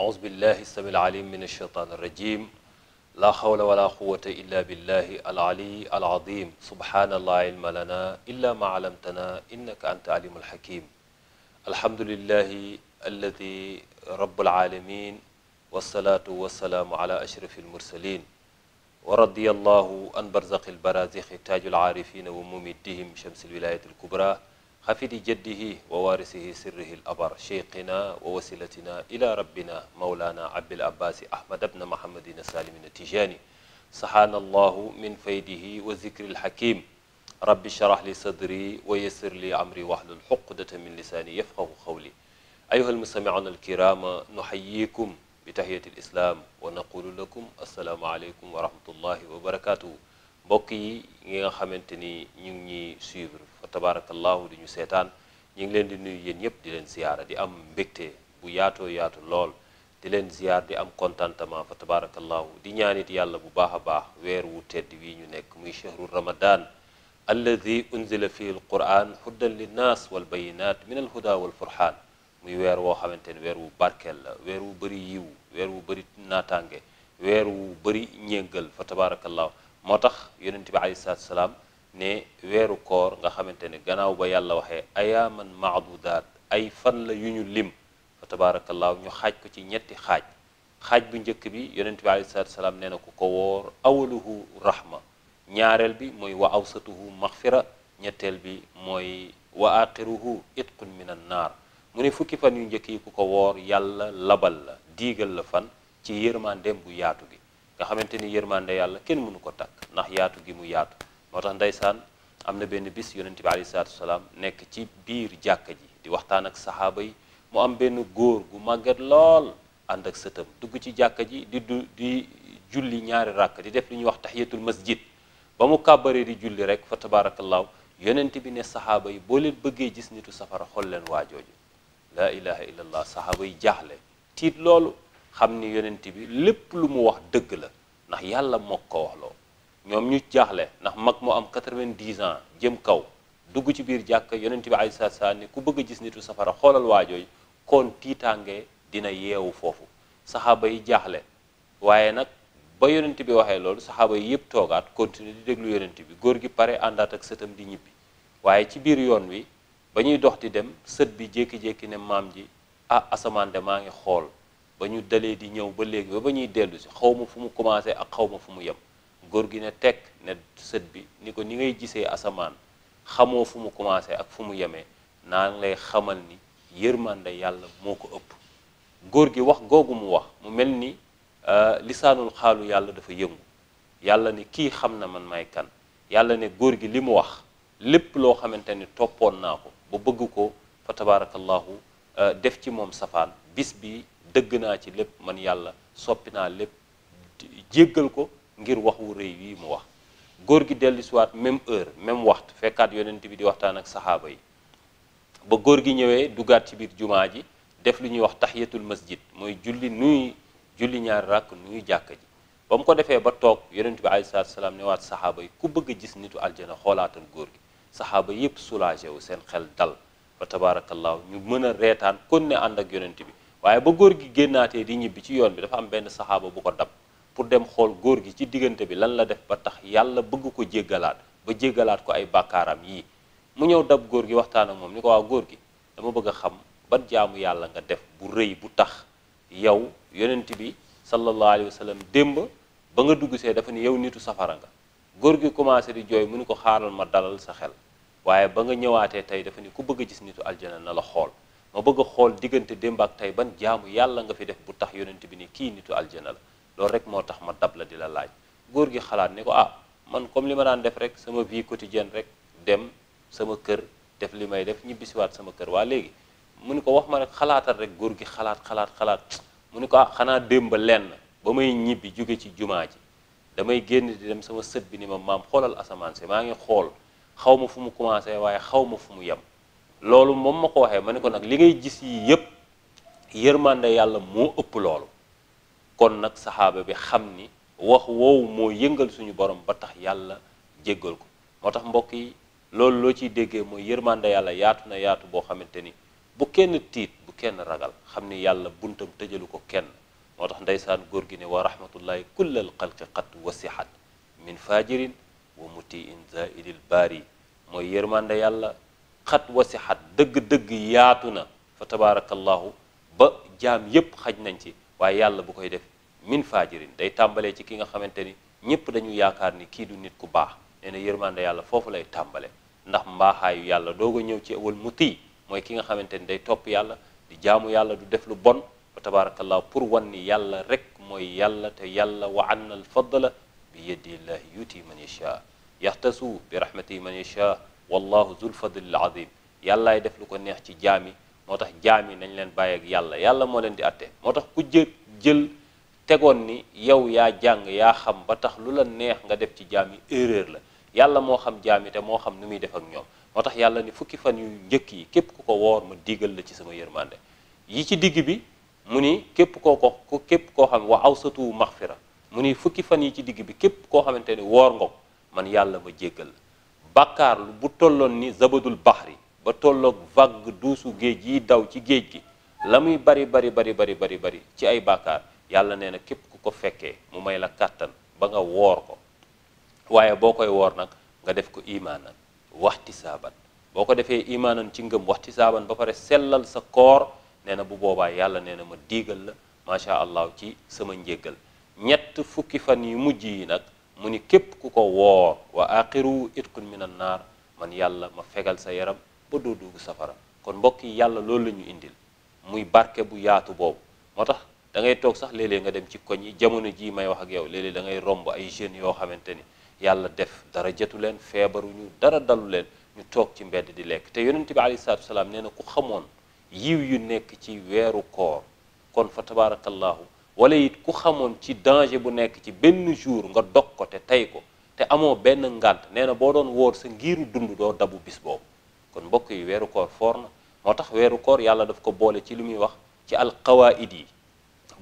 أعوذ بالله السميع العليم من الشيطان الرجيم لا حول ولا قوة إلا بالله العلي العظيم سبحان الله علم لنا إلا ما علمتنا إنك أنت عليم الحكيم الحمد لله الذي رب العالمين والصلاة والسلام على أشرف المرسلين ورضي الله عن برزق البرازخ تاج العارفين وممدهم شمس الولاية الكبرى حفيد جده ووارثه سره الأبر شيخنا ووسيلتنا إلى ربنا مولانا عبد العباس أحمد بن محمد السالم التجاني سحان الله من فيده وذكر الحكيم رب اشرح لي صدري ويسر لي أمري واحلل عقدة من لساني يفقه قولي أيها المستمعون الكرام نحييكم بتحية الإسلام ونقول لكم السلام عليكم ورحمة الله وبركاته mbokk yi nga xamante ni ñu ngi ñuy suivre fa tabaarakallaahu di ñu seetaan ñu ngi leen di nuyu yéen ñëpp di leen ziyaara di am mbégte bu yaatoo yaatu lool di leen ziyaar di am contentement fa tabaarakallaahu di ñaanit yàlla bu baax a baax weer wu tedd wii ñu nekk muy chahru ramadan alladi unzila fi l quran huddan linnaas wal bayinat min al huda wal furxaan muy weer woo xamante ne weer wu barkeel la weer wu bëri yiw weer wu bëri naataange weer wu bëri ñéngal fa tabaarakallaahu moo tax yonente bi alayhi salaatu salaam ne weeru koor nga xamante ne gannaaw ba yàlla waxee ayaaman maadudaat ay fan la yu ñu lim fa tabaarakallaahu ñu xaaj ko ci ñetti xaaj xaaj bu njëkk bi yonent bi alayhi salaam nee na ku ko woor awaluhu rahma ñaareel bi mooy wa awsatuhu maxfira ñetteel bi mooy wa axiruhu itqun min naar mu ne fukki fan yu njëkk yi ku ko woor yàlla labal la diigal la fan ci yërmandeem bu yaatu gi nga xamante ni yërmande yàlla kenn mënu ko takk ndax yaatu gi mu yaatu moo tax ndeysaan am na benn bis yonent bi alayhi salaatu wasalaam nekk ci biir jàkka ji di waxtaan ak saxaaba yi mu am benn góor gu màgget lool ànd ak sëtam dugg ci jàkka ji di du di julli ñaari ràkk di def li ñuy wax tahiyatul masjid ba mu kàbbaree di julli rek fa tabaarakallaahu yonent bi ne saxaaba yi boo leen bëggee gis nitu safara xol leen waajooju laa ilaha illallah saxaaba yi jaaxle tiit loolu xam ni yonent bi lépp lu mu wax dëgg la ndax yàlla moo ko wax ñoom ñu jaaxle ndax mag mu am 90 ans jëm kaw dugg ci biir jàkk yonent bi ay saa saa ni ku bëgg a gis nitu safara xoolal waajooy kon tiitaange dina yeewu foofu saxaaba yi jaaxle waaye nag ba yonent bi waxee loolu saxaaba yi yëpp toogaat continuer di déglu yonent bi góor gi pare àndaat ak sëtam di ñibbi waaye ci biir yoon wi ba ñuy dox di dem sët bi jékki-jékki ne maam ji ah asamaan de maa ngi xool ba ñu dalee di ñëw ba léegi ba ba ñuy dellu si xaw ma fu mu commencé ak xaw ma fu mu yem góor gi ne tek ne sët bi ni ko ni ngay gisee asamaan xamoo fu mu commencé ak fu mu yemee naa lay xamal ni yërmande yàlla moo ko ëpp góor gi wax googu mu wax mu mel ni euh, lisaanul xaalu yàlla dafa yëngu yàlla ne kii xam na man may kan yàlla ne góor gi li mu wax lépp loo xamante ne toppoon naa ko ba bëgg ko fa tabaarakallahu euh, def ci moom safaan bis bi dëgg naa ci lépp man yàlla soppi naa lépp jéggal ko ngir wax wu rëy wii mu wax góor gi dellu siwaat même heure même waxtu fekkaat yonent bi di waxtaan ak saxaaba yi ba góor gi ñëwee dugaat ci biir jumaa ji def lu ñuy wax tax tahiyatul masjid mooy julli nuy julli ñaari ràkk nuy jàkka ji ba mu ko defee ba toog yonent bi alayhi salaatu salaam ne waat saxaaba yi ku bëgg a gis nitu aljana xoolaatal góor gi saxaaba yépp soulagé wu seen xel dal fa tabaarakallaahu ñu mën a reetaan kon ne ànd ak yonent bi waaye ba góor gi génnaatee di ñibbi ci yoon bi dafa am benn saxaaba bu ko dab pour dem xool góor gi ci diggante bi lan la def ba tax yàlla bëgg ko jéggalaat ba jéggalaat ko ay bàkkaaram yii mu ñëw dab góor gi waxtaan ak moom ni ko waa góor gi dama bëgg a xam ban jaamu yàlla nga def bu rëy bu tax yow yonent bi sallallahu alayhi wa sallam démb ba nga dugg see dafa ni yow nitu safara nga góor gi commencé di jooy mu ni ko xaaral ma dalal sa xel waaye ba nga ñëwaatee tey dafa ne ku bëgg a gis nitu aljana na la xool ma bëgg xool diggante démb ak tey ban jaamu yàlla nga fi def bu tax yonent bi ni kii nitu aljana la loolu rek moo tax ma dab la di la laaj góor gi xalaat ni ko ah man comme li ma daan def rek sama vie quotidienne rek dem sama kër def li may def ñibbisiwaat sama kër waa léegi mu ni ko wax ma rek xalaatal rek góor gi xalaat xalaat xalaat mu ni ko ah xanaa démb ba lenn ba may ñibbi jóge ci jumaa ji damay génn di dem sama sët bi ni ma maam xoolal asamaan si maa ngi xool xaw ma fu mu commencé waaye xaw ma fu mu yem loolu moom ma ko waxee ma ne ko nag li ngay gis yi yépp yërmande yàlla moo ëpp loolu kon nag saxaaba bi xam ni wax woowu moo yëngal suñu borom ba tax yàlla jéggal ko moo tax mbokk yi loolu loo ciy déggee mooy yërmande yàlla yaatu na yaatu boo xamante ni bu kenn tiit bu kenn ragal xam ni yàlla buntam tëjalu ko kenn moo tax ndeysaan góor gi ne wa rahmatullahi kullal xalqi qat wasihat min fajirin wa mutiin baar yi mooy yërmande yàlla xat wasihat dëgg-dëgg yaatu na fa tabaarakallahu ba jaam yépp xaj nañ ci waaye yàlla bu koy def min faajirin day tàmbalee ci ki nga xamante ni ñëpp dañu yaakaar ni kii du nit ku baax nee na yërmande yàlla foofu lay tàmbale ndax mbaaxaayu yàlla doog a ñëw ci awal mu mooy ki nga xamante ni day topp yàlla di jaamu yàlla du def lu bon fa tabarakallah pour wan ni yàlla rek mooy yàlla te yàlla wa anna al fadla bi yadillahi yuti man yasha yaxtasu bi rahmatihi man yasha wallahu zul fadlil azim yàllaay def lu ko neex ci jaami moo tax jaam yi nañ leen bàyyi ak yàlla yàlla moo leen di atte moo tax ku jë jël tegoon ni yow yaa jàng yaa xam ba tax lu la neex nga def ci jaam yi erreur la yàlla moo xam jaam yi te moo xam nu muy def ak ñoom moo tax yàlla ni fukki fan yu njëkk yi képp ku ko woor ma diggal la ci sama yërmande yi ci digg bi mu ni képp koo ko képp koo xam wa awsatu maxfira mu ni fukki fan yi ci digg bi képp koo xamante ni woor nga ko man yàlla ma jéggal la bàkkaar bu tolloon ni zabadul baxri ba tolloog vague duusu géej yi daw ci géej gi la muy bari bari bari bari bari bari ci ay bàkkaar yàlla nee na képp ku ko fekkee mu may la kàttan ba nga woor ko waaye boo koy woor nag nga def ko imaanan waxti saaban boo ko defee imaanan ci ngëm waxti saaban ba pare sellal sa koor nee na bu boobaa yàlla nee na ma diigal la macha allah ci sama njéggal ñett fukki fan yi mujj yi nag mu ni képp ku ko woor wa aqiru itqun min an naar man yàlla ma fegal sa yaram ba doo dugg safara kon mbokk yi yàlla loolu la ñu indil muy barke bu yaatu boobu moo tax da ngay toog sax léeg-léeg nga dem ci koñ yi jamono jii may wax ak yow léeg-léeg da romb ay jeunes yoo xamante ni yàlla def dara jëtu leen feebaru ñu dara dalu leen ñu toog ci mbedd di lekk te yonent bi alayhi salaatu salaam nee na ku xamoon yiw yu nekk ci weeru koor kon fa tabaarakallahu wala it ku xamoon ci danger bu nekk ci benn jour nga dog ko te tey ko te amoo benn ngànt nee na boo doon wóor sa ngiiru dund doo dabu bis boobu kon mbokk yi weeru koor foor na moo tax weeru koor yàlla def ko boole ci li muy wax ci alqawaid yi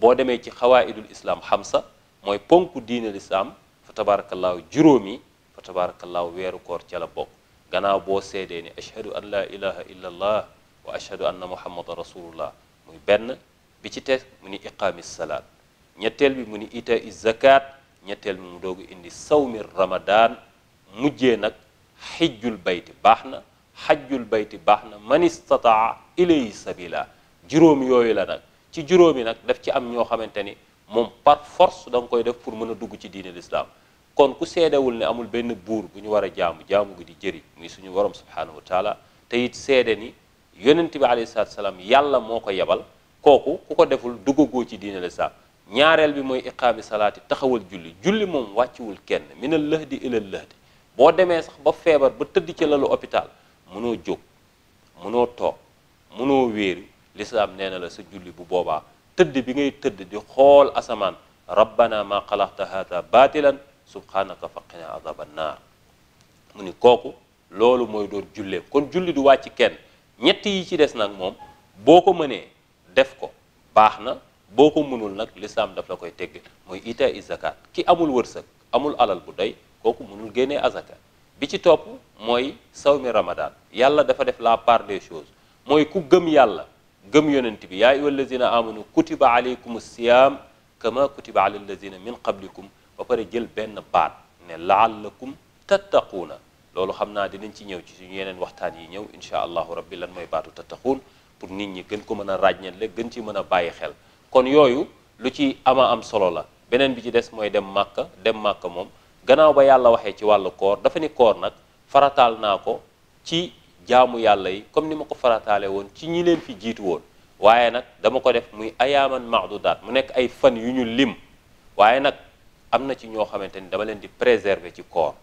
boo demee ci xawaidul islam xamsa mooy ponku diine lislaam fa tabaarakallaahu juróomi fa tabaarakallaahu weeru koor ca la bokk gannaaw boo seedee ni ashhadu an laa ilaha illa allah wa ashhadu anna muhammadan rasulullah muy benn bi ci teg mu ni iqaami salaat ñetteel bi mu ni ita i zakat ñetteel bi mu doogu indi sawmi ramadan mujjee nag xijjul bayti baax na xajjul bayti baax na man istataa ilayhi sabila juróom yooyu la nag ci juróomi nag daf ci am ñoo xamante ni moom par force da koy def pour mën a dugg ci diine lislaam kon ku seedewul ni amul benn buur bu ñu war a jaamu jaamu gi di jëriñ muy suñu borom subhaanahu wa taala te it seede ni yonent bi alayhi salaatu salaam yàlla moo ko yebal kooku ku ko deful duggagoo ci diine lislaam ñaareel bi mooy iqaami salaati taxawal julli julli moom wàcciwul kenn minal lahdi ilal lahdi boo demee sax ba feebar ba tëdd ci lalu hôpital mënoo jóg mënoo toog mënoo wéeru lislaam nee na la sa julli bu boobaa tëdd bi ngay tëdd di xool asamaan rabbana ma xalaxta haata baatilan subhanaka fa qina adaba naar mu ni kooku loolu mooy doon julleem kon julli du wàcc kenn ñett yi ci des nag moom boo ko mënee def ko baax na boo ko mënul nag lislaam daf la koy tegg mooy ita i zakat ki amul wërsëg amul alal bu doy kooku mënul génnee azaka li ci topp mooy sawmi ramadan yàlla dafa def la part des choses mooy ku gëm yàlla gëm yonent bi yaa ayyuha allazina amanu kutiba alaykum siyam kama kutiba ala allazina min qablikum ba pare jël benn baat ne laallakum tattaquuna loolu xam naa dinañ ci ñëw ci suñu yeneen waxtaan yi ñëw incha allahu rabbi lan mooy baatu tattaquun pour nit ñi gën ko mën a ràññale gën ci mën a bàyyi xel kon yooyu lu ci ama am solo la beneen bi ci des mooy dem màkka dem màkka moom gannaaw ba yàlla waxee ci wàllu koor dafa ne koor nag farataal naa ko ci jaamu yàlla yi comme ni ma ko farataale woon ci ñi leen fi jiitu woon waaye nag dama ko def muy ayaaman maadudaat mu nekk ay fan yu ñu lim waaye nag am na ci ñoo xamante ni dama leen di préserver ci koor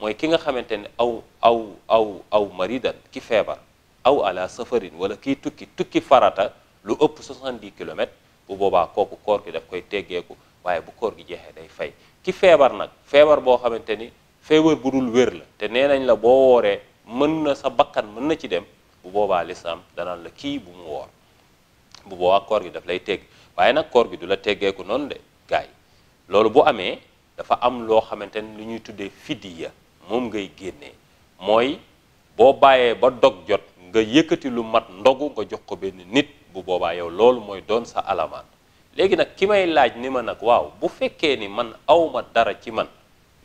mooy ki nga xamante ni aw aw aw aw maridan ki feebar aw ala safarin wala kiy tukki tukki farata lu ëpp di kilomètres bu boobaa kooku koor ki daf koy teggeeku waaye bu koor gi jeexee day fay ki feebar nag feebar boo xamante ni feebar bu dul wér la te nee nañ la boo wooree mën na sa bakkan mën na ci dem bu boobaa lislaam danaan la kii bu mu woor bu boobaa koor gi daf lay teg waaye nag koor gi du la teggeeku noonu de gaay loolu bu amee dafa am loo xamante ni lu ñuy tuddee fidiya moom ngay génnee mooy boo bàyyee ba dog jot nga yëkkati lu mat ndogu nga jox ko benn nit bu boobaa yow loolu mooy doon sa alamaan léegi nag ki may laaj ni ma nag waaw bu fekkee ni man awma dara ci man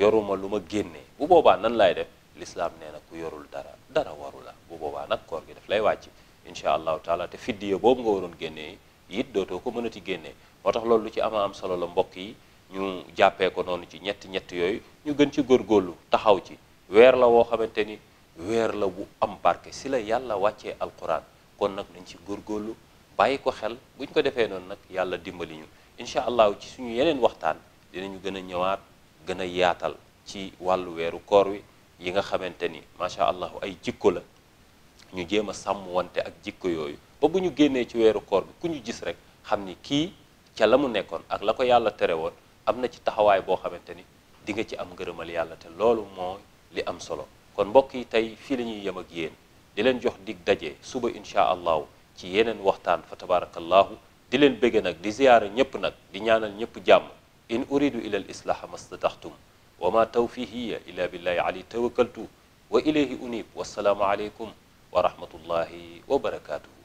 yoruma lu ma génnee bu boobaa nan laay def lislaam nee na ku yorul dara dara waru la bu boobaa nag koor gi daf lay wàcc incha allah taala te fiddiya boobu nga waroon génnee it dootoo ko mënati génnee moo tax loolu lu ci ama am solo la mbokk yi ñu jàppee ko noonu ci ñett ñett yooyu ñu gën ci góor góorlu taxaw ci weer la woo xamante ni weer la bu am barke si la yàlla wàccee alquran kon nag nañ ci góorgóorlu bàyyi ko xel bu ñu ko defee noonu nag yàlla dimbali ñu incha allahu ci suñu yeneen waxtaan dinañu gën a ñëwaat gën a yaatal ci wàllu weeru koor wi yi nga xamante ni macha allah ay jikko la ñu jéem a sàmm wante ak jikko yooyu ba bu ñu génnee ci weeru koor bi ku ñu gis rek xam ni kii ca la mu nekkoon ak la ko yàlla tere woon am na ci taxawaay boo xamante ni di nga ci am ngërëmal yàlla te loolu moo li am solo kon mbokk yi tey fii lañuy ñuy yem ak yéen di leen jox dig daje suba incha allahu ci yeneen waxtaan fa tabarakallahu di leen bëgge nag di ziyaara ñëpp nag di ñaanal ñëpp jàmm in uridu ila al islaha mastataxtum wa ma tawfihiya ila billahi ali tawakkaltu wa ilayhi unib wassalaamu aleykum wa rahmatullahi wa barakatuhu